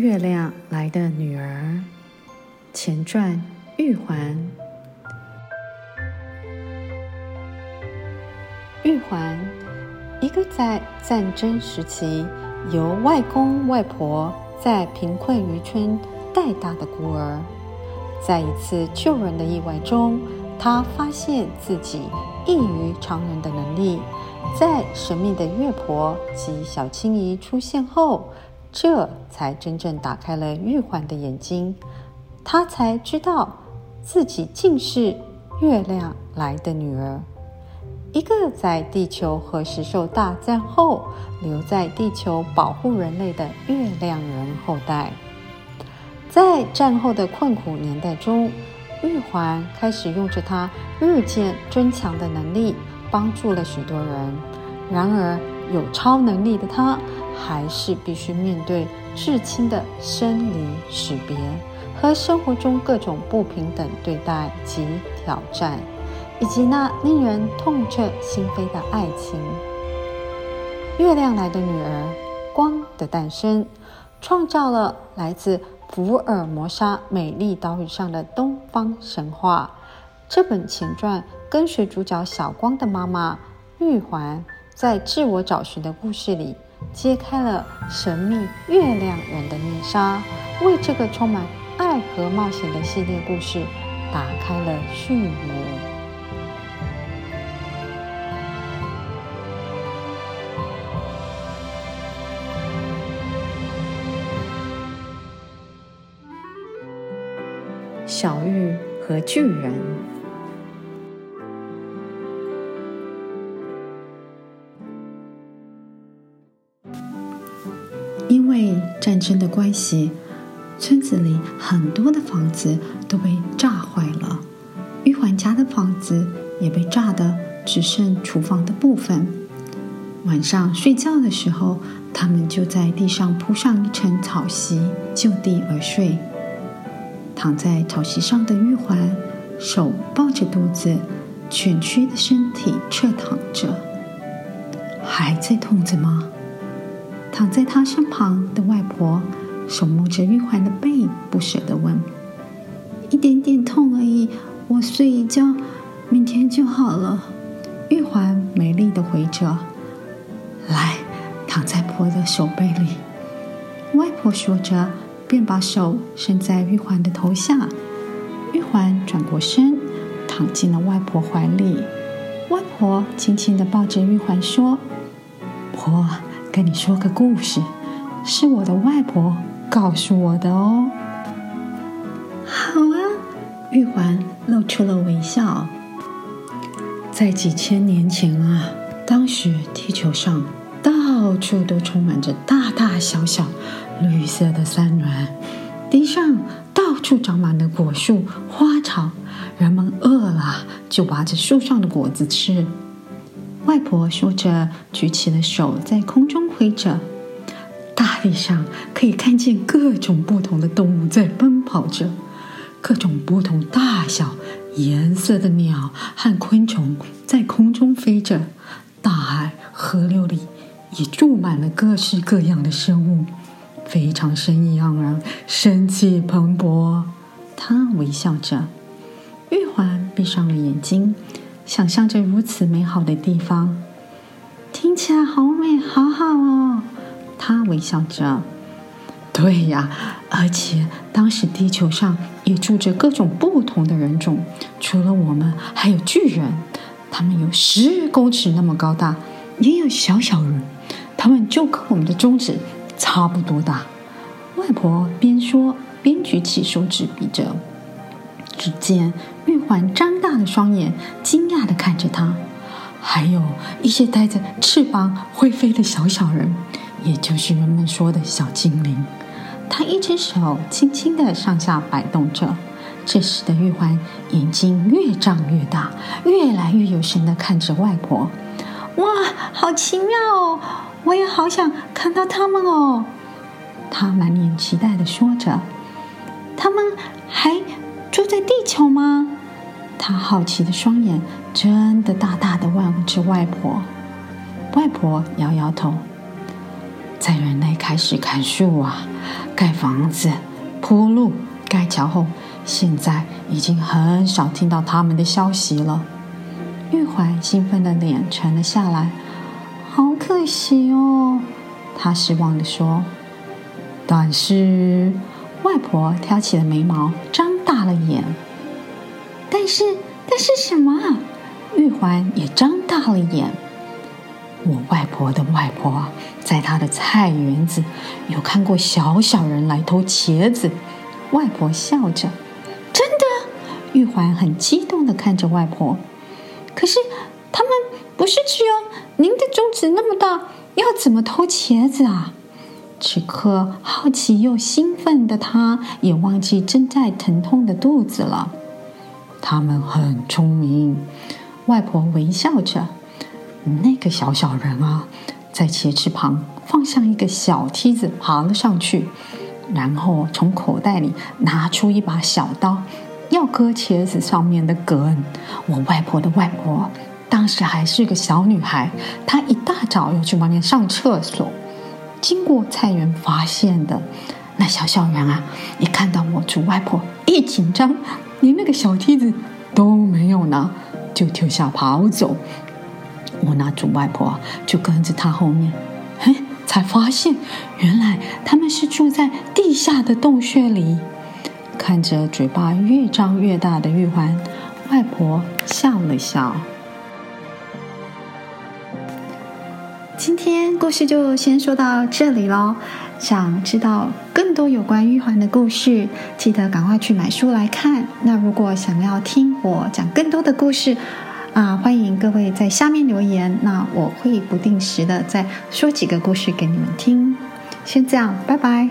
月亮來的女兒前傳：玉環。玉環，一個在戰爭時期由外公外婆在貧困漁村帶大的孤兒，在一次救人的意外中，她發現自己異於常人的能力。在神秘的月婆及小青姨出現後。這才真正打開了玉環的眼睛，她才知道自己竟是月亮來的女兒，一個在地球和石獸大戰後留在地球保護人類的月亮人後代。在戰後的困苦年代中，玉環開始用着她日漸增強的能力，幫助了許多人。然而，有超能力的她。還是必須面對至親的生離死別和生活中各種不平等對待及挑戰，以及那令人痛徹心扉的愛情。月亮來的女兒，光的誕生，創造了來自福爾摩沙美麗島嶼上的東方神話。這本前傳跟隨主角小光的媽媽玉環，在自我找尋的故事裏。揭開了神秘月亮人的面紗，為這個充滿愛和冒險的系列故事打開了序幕。 小玉和巨人。戰爭的關係，村子裡很多的房子都被炸壞了，玉環家的房子也被炸得只剩廚房的部分。晚上睡覺的時候，他們就在地上鋪上一層草席，就地而睡。躺在草席上的玉環，手抱着肚子，蜷曲的身體側躺着，還在痛着嗎？躺在她身旁的外婆，手摸着玉環的背，不捨得問：“一點點痛而已，我睡一覺，明天就好了。”玉環沒力地回着：“來，躺在婆的手背裡。”外婆說着，便把手伸在玉環的頭下。玉環轉過身，躺進了外婆懷裡。外婆輕輕的抱着玉環說：“婆。”跟你說個故事，是我的外婆告訴我的哦。好啊，玉環露出了微笑。在幾千年前啊，當時地球上到處都充滿着大大小小綠色的山巒，地上到處長滿了果樹花草，人們餓了就挖着樹上的果子吃。外婆說着，舉起了手，在空中揮着。大地上可以看見各種不同的動物在奔跑着，各種不同大小、顏色的鳥和昆蟲在空中飛着。大海、河流裡也住滿了各式各樣的生物，非常生意盎然，生氣蓬勃。她微笑着，玉環閉上了眼睛。想象着如此美好的地方，聽起來好美，好好哦。他微笑着。對呀，而且當時地球上也住着各種不同的人種，除了我們，還有巨人，他們有十公尺那麼高大，也有小小人，他們就跟我們的中指差不多大。外婆邊說邊舉起手指比着，只見。玉環張大了雙眼，驚訝的看着他，還有一些帶着翅膀會飛的小小人，也就是人們說的小精靈。他一隻手輕輕地上下擺動着，這時的玉環眼睛越長越大，越來越有神的看着外婆。哇，好奇妙哦！我也好想看到他們哦。他滿臉期待的說着，他們還。在地球嗎？他好奇的雙眼真的大大的望着外婆。外婆搖搖頭。在人類開始砍樹啊、蓋房子、鋪路、蓋橋後，現在已經很少聽到他們的消息了。玉環興奮的臉沉了下來。好可惜哦，他失望的說。但是，外婆挑起了眉毛，張。大了眼，但是但是什麼？玉環也張大了眼。我外婆的外婆，在她的菜園子有看過小小人來偷茄子。外婆笑着，真的？玉環很激動地看着外婆。可是他們不是只有您的種子那麼大，要怎麼偷茄子啊？此刻好奇又興奮的他，也忘記正在疼痛的肚子了。他們很聰明，外婆微笑着。那個小小人啊，在茄子旁放上一個小梯子，爬了上去，然後從口袋裡拿出一把小刀，要割茄子上面的梗。我外婆的外婆當時還是個小女孩，她一大早要去外面上廁所。經過菜園發現的那小小羊啊，一看到我主外婆一緊張，連那個小梯子都沒有拿，就跳下跑走。我那主外婆啊，就跟着他後面，嘿，才發現原來他們是住在地下的洞穴裡。看着嘴巴越張越大的玉環，外婆笑了笑。今天故事就先說到這裡嘍，想知道更多有關玉環的故事，記得趕快去買書來看。那如果想要聽我講更多的故事，啊、呃，歡迎各位在下面留言。那我會不定時的再說幾個故事給你們聽。先這樣，拜拜。